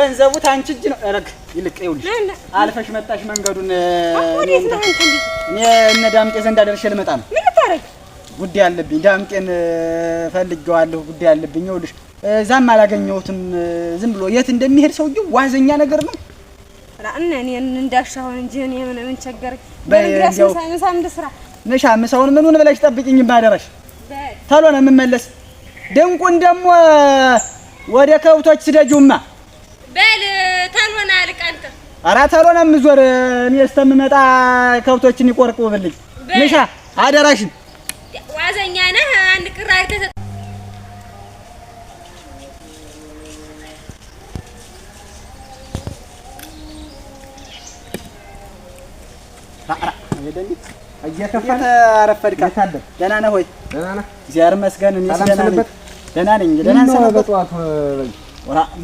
ገንዘቡ ታንቺ እጅ ነው። ረግ ይልቅ ይኸውልሽ፣ አልፈሽ መጣሽ መንገዱን። እኔ እነ ዳምጤ ዘንድ ደርሼ ልመጣ ነው። ምን ጉዳይ አለብኝ። ዳምጤን ፈልጌዋለሁ፣ ጉዳይ አለብኝ። ይኸውልሽ፣ እዛም አላገኘሁትም። ዝም ብሎ የት እንደሚሄድ ሰውዬው ዋዘኛ ነገር ነው። እና እኔ እንዳሻሁን እንጂ እኔ ምን ምን ቸገረኝ። ነሻ ምሳውን ምኑን ብለሽ ጠብቂኝ። ባደረሽ ተሎ ነው የምመለስ። ድንቁን ደግሞ ወደ ከብቶች ስደጁማ በል ተሎና አልቀንተ ኧረ ተሎና የምዞር እኔ እስከምመጣ ከብቶችን ይቆርቁብልኝ። ምሻ አደራሽን ዋዘኛ ነህ። አንድ ቅራሪ ተሰጠ እየከፈተ አረፈድክ። ደህና ነህ ወይ? ደህና ነህ። እግዚአብሔር ይመስገን። እኔ ደህና ነኝ። ደህና ነኝ። ደህና ሰነበት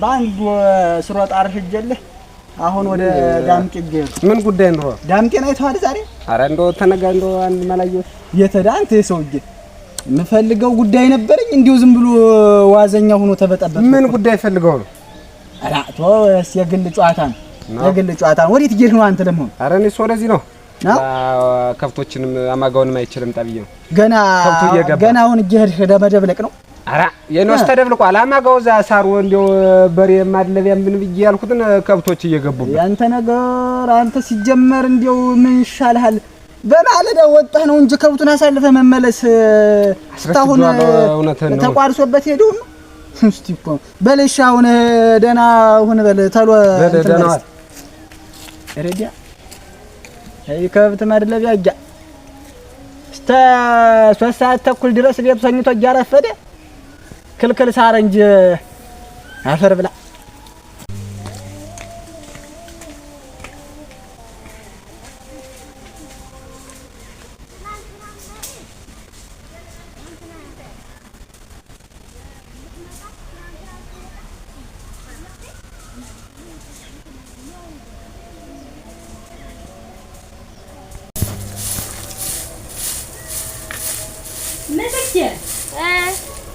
በአንዱ ስሮጣ አርፍጄልህ አሁን ወደ ዳምጤ ይገኛል። ምን ጉዳይ ነው? ዳምጤን ዛሬ? ኧረ እንደው ተነጋ እንደው አንድ ማላየት የተዳ አንተ ሰውዬ የምፈልገው ጉዳይ ነበረኝ። እንዲሁ ዝም ብሎ ዋዘኛ ሆኖ ተበጠበጠ። ምን ጉዳይ ፈልገው ነው? ኧረ ተወው፣ የግል ጨዋታ ነው። የግል ጨዋታ ወዴት ጌት ነው አንተ ለመሆኑ? ኧረ እኔስ ወደዚህ ነው። ከብቶችንም አማጋውንም አይችልም ጣብዬ ነው። ገና ገና አሁን እየሄድህ ለመደብለቅ ነው አራ የኖስ ተደብልቋል። አላማ እዛ ሳሩ እንዲያው በሬ ማድለቢያ ምን ብዬ ያልኩትን ከብቶች እየገቡ ያንተ ነገር አንተ ሲጀመር እንዲው ምን ይሻልሃል? በማለዳ ወጣህ ነው እንጂ ከብቱን አሳልፈ መመለስ እስካሁን ተቋርሶበት ሄደው ነው። እስቲ እኮ በለሽ አሁን ደህና ሁን በል ተሎ ረዲያ አይ ከብት ማድለቢያ እያ እስከ ሶስት ሰዓት ተኩል ድረስ ቤት ሰኝቶ እያረፈደ كل كل سعر إنج آه، عفر بلا متى كيف؟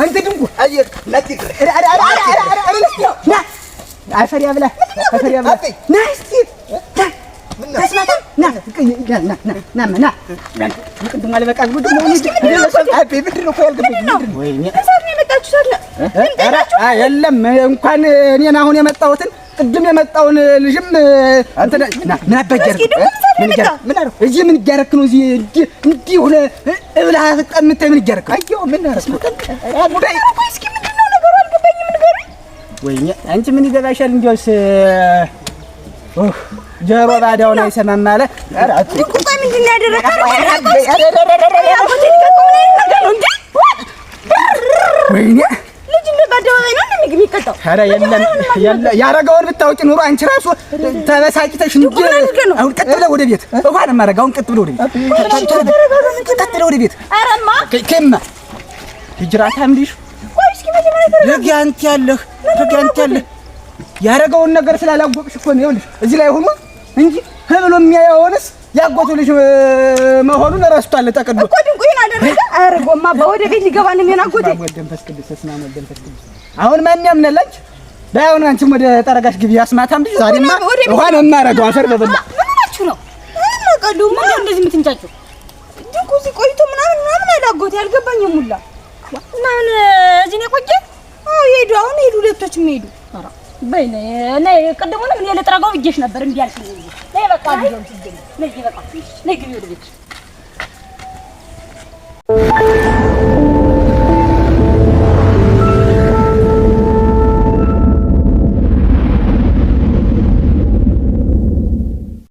አንተ ድንጉ አፈር ያብላ አፈር ያብላ። ና እስኪ የለም እንኳን እኔን አሁን የመጣሁትን ቅድም የመጣውን ልጅም ምን ምን እዚህ ምን እያደረክ ነው? እዚህ እንዲህ ሆነ እብላ ቀምተህ ምን እያደረክ ነው? አየሁ ምን ወይኔ አንቺ ምን ይገባሻል? እንዲያውስ ጆሮ ባዳውን አይሰማም አለ። ወይኔ አይደለም የሚቀጣው። ኧረ የለም ያረጋውን ብታውቂ ኑሮ አንቺ ራሱ ተበሳጭተሽ እንጂ አሁን ቀጥ ብለህ ወደ ቤት እንኳን ቀጥ ብለህ ወደ ቤት ቀጥ ብለህ ወደ ቤት አረማ ያለህ ያለህ ያረጋውን ነገር ስላላወቅሽ እኮ ነው። ይኸውልሽ እዚህ ላይ ሆኖ እንጂ ያጎቱ ልጅ መሆኑን ረስቷል። ተቀዶ እኮ ድንቁይን አደረገ። ኧረ በወደ ቤት ሊገባ ነው የሚሆን አጎቴ። መንፈስ ቅዱስ ተስማ መንፈስ ቅዱስ አሁን ማን ያምነላች? አሁን አንቺም ወደ ጠረጋሽ ግቢ። አስማታም ልጅ ዛሬማ ውሃ ነው የማረገው። አፈር በበላ ምናችሁ ነው ቀዱ? ምን እንደዚህ የምትንጫችሁ? ድንቁ እዚህ ቆይቶ ምናምን ምናምን አለ አጎቴ። አልገባኝም ሁላ ምን እዚህ ነው ቆየ? አዎ ይሄዱ፣ አሁን ይሄዱ፣ ሁለቶችም ይሄዱ። በይ ነይ ነይ። እኔ ልጥረገው ብዬሽ ነበር እምቢ አልሽኝ። በቃ ልጅ ነው ትገኝ ነይ በቃ ነይ ግቢ ወደ ቤት